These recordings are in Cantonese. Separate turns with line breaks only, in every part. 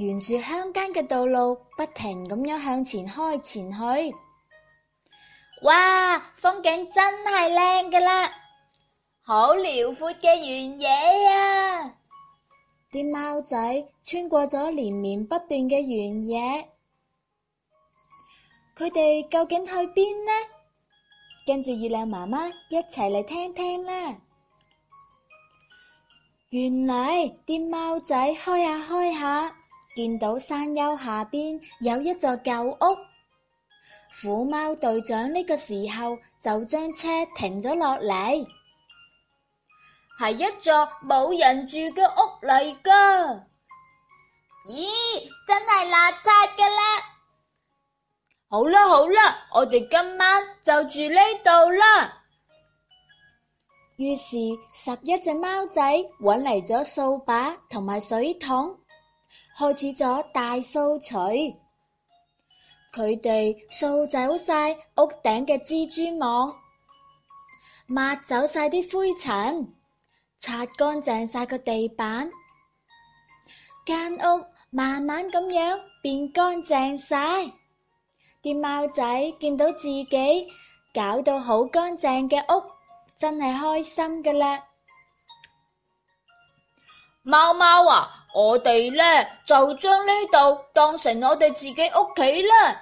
沿住鄉間嘅道路，不停咁樣向前開前去。哇，風景真係靚㗎喇，好遼闊嘅原野啊！啲貓仔穿過咗連綿不斷嘅原野，佢哋究竟去邊呢？跟住月亮媽媽一齊嚟聽聽啦。原來啲貓仔開下開下。見到山丘下邊有一座舊屋，虎貓隊長呢個時候就將車停咗落嚟，係一座冇人住嘅屋嚟噶。咦，真係邋遢噶啦！好啦好啦，我哋今晚就住呢度啦。於是十一隻貓仔揾嚟咗掃把同埋水桶。開始咗大掃除，佢哋掃走晒屋頂嘅蜘蛛網，抹走晒啲灰塵，擦乾淨晒個地板，間屋慢慢咁樣變乾淨晒。啲貓仔見到自己搞到好乾淨嘅屋，真係開心㗎喇！貓貓啊！我哋咧就將呢度當成我哋自己屋企啦。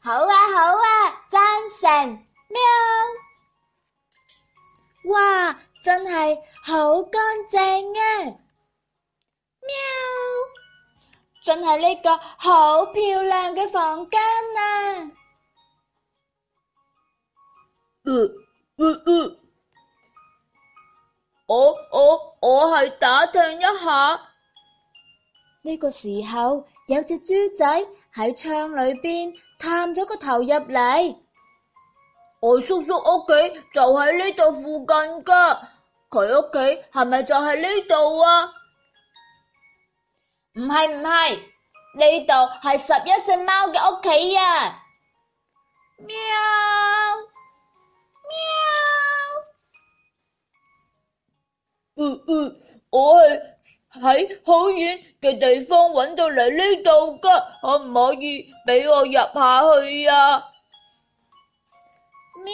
好啊，好啊，贊成。喵！哇，真係好乾淨啊！喵！真係呢個好漂亮嘅房間啊！呃呃呃，我我我係打聽一下。呢個時候有隻豬仔喺窗裏邊探咗個頭入嚟，我叔叔屋企就喺呢度附近噶，佢屋企係咪就喺呢度啊？唔係唔係，呢度係十一隻貓嘅屋企啊！喵喵，嗯嗯，我係。喺好遠嘅地方揾到嚟呢度㗎，可唔可以俾我入下去呀？喵！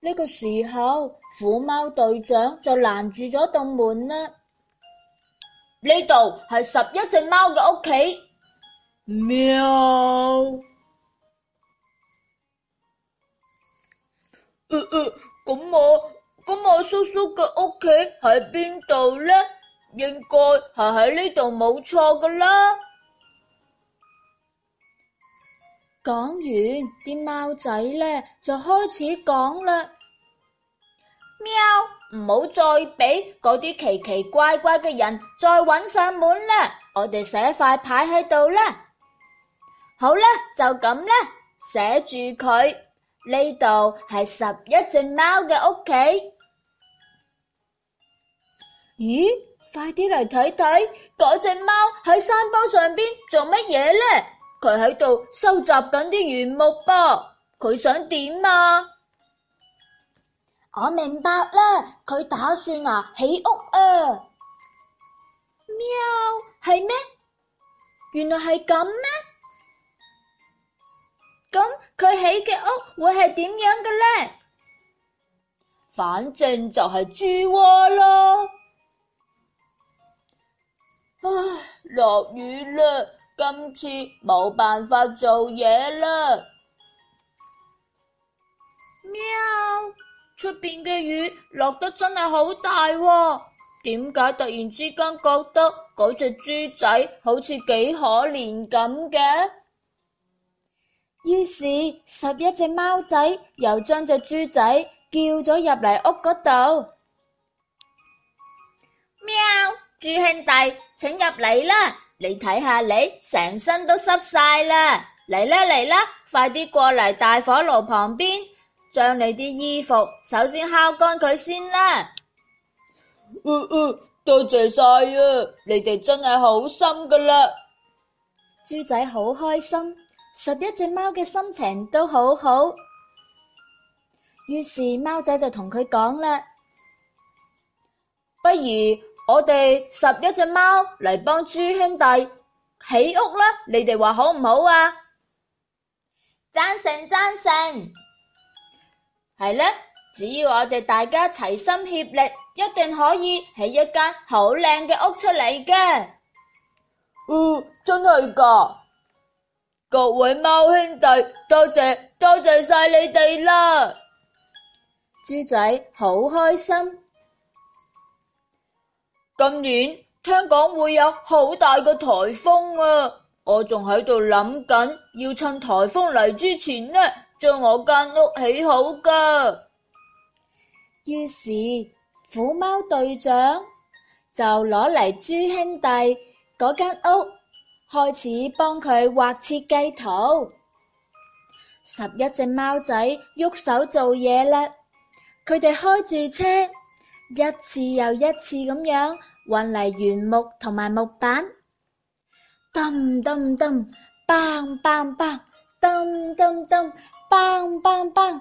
呢個時候，虎貓隊長就攔住咗道門啦。呢度係十一隻貓嘅屋企。喵。呃呃，咁我。咁我叔叔嘅屋企喺邊度呢？應該係喺呢度冇錯噶啦。講完啲貓仔咧，就開始講啦。喵，唔好再俾嗰啲奇奇怪怪嘅人再搵上門啦！我哋寫塊牌喺度啦。好啦，就咁啦，寫住佢，呢度係十一隻貓嘅屋企。咦！快啲嚟睇睇，嗰隻貓喺山坡上邊做乜嘢咧？佢喺度收集緊啲原木噃。佢想點啊？我明白啦，佢打算啊起屋啊。喵，係咩？原來係咁咩？咁佢起嘅屋會係點樣嘅咧？反正就係豬窩咯。唉，落雨啦，今次冇辦法做嘢啦。喵，出邊嘅雨落得真係好大喎，哦，點解突然之間覺得嗰隻豬仔好似幾可憐咁嘅？於是十一隻貓仔又將隻豬仔叫咗入嚟屋嗰度。喵，豬兄弟。請入嚟啦！你睇下，你成身都濕晒啦！嚟啦嚟啦，快啲過嚟大火爐旁邊，將你啲衣服首先烤乾佢先啦。嗯嗯，多謝晒啊！你哋真係好心噶啦，豬仔好開心，十一隻貓嘅心情都好好。於是貓仔就同佢講啦：不如……我哋十一隻貓嚟幫豬兄弟起屋啦，你哋話好唔好啊？贊成贊成，係呢！只要我哋大家齊心協力，一定可以起一間好靚嘅屋出嚟嘅。哦，真係噶！各位貓兄弟，多謝多謝晒你哋啦，豬仔好開心。今年聽講會有好大嘅台風啊！我仲喺度諗緊，要趁台風嚟之前呢，將我間屋起好㗎。於是虎貓隊長就攞嚟豬兄弟嗰間屋，開始幫佢畫設計圖。十一隻貓仔喐手做嘢啦，佢哋開住車。一次又一次咁樣運嚟原木同埋木板，咚咚咚，梆梆梆，咚咚咚，梆梆梆。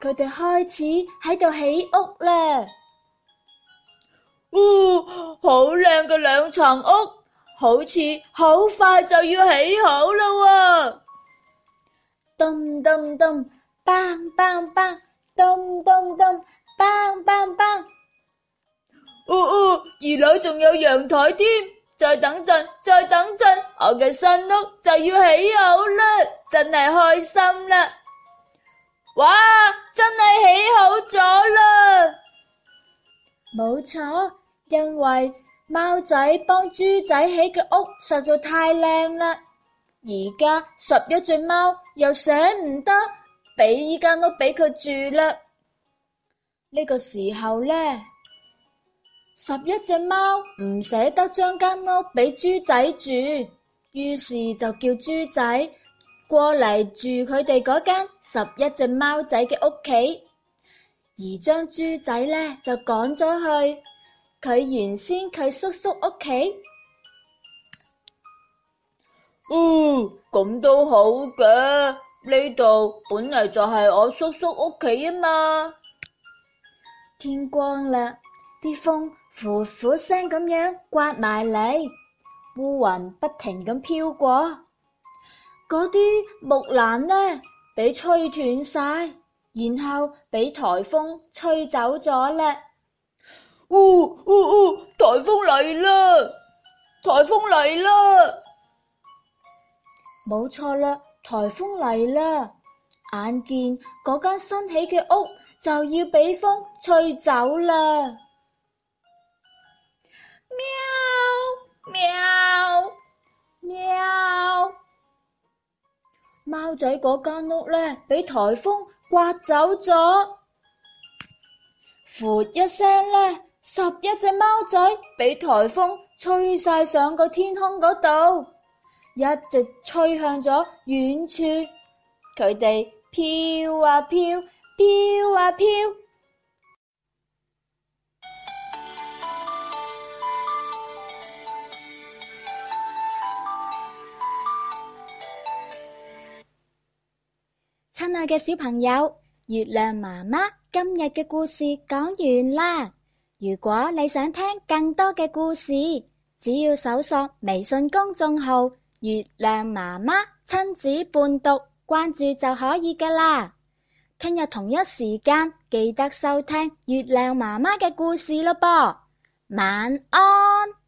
佢哋開始喺度起屋啦。嗚、哦，好靚嘅兩層屋，好似好快就要起好啦喎。咚咚咚，梆梆梆，咚咚咚。梆梆梆。哦哦，二樓仲有陽台添，再等陣，再等陣，我嘅新屋就要起好啦，真係開心啦！哇，真係起好咗啦！冇錯，因為貓仔幫豬仔起嘅屋實在太靚啦，而家十一隻貓又捨唔得，俾依間屋俾佢住啦。呢個時候呢，十一隻貓唔捨得將間屋俾豬仔住，於是就叫豬仔過嚟住佢哋嗰間十一隻貓仔嘅屋企，而將豬仔呢，就趕咗去佢原先佢叔叔屋企。哦，咁都好嘅，呢度本嚟就係我叔叔屋企啊嘛。天光啦，啲風呼呼聲咁樣刮埋嚟，烏雲不停咁飄過，嗰啲木蘭呢，被吹斷晒，然後被台風吹走咗啦。嗚嗚嗚！台風嚟啦！台風嚟啦！冇錯啦，台風嚟啦！眼見嗰間新起嘅屋。就要俾風吹走啦！喵喵喵，貓仔嗰間屋咧俾台風刮走咗，噗，一聲呢，十一隻貓仔俾台風吹晒上個天空嗰度，一直吹向咗遠處，佢哋飄啊飄。飄啊飄！親愛嘅小朋友，月亮媽媽今日嘅故事講完啦。如果你想聽更多嘅故事，只要搜索微信公眾號“月亮媽媽親子伴讀”，關注就可以㗎啦。聽日同一時間記得收聽月亮媽媽嘅故事咯噃，晚安。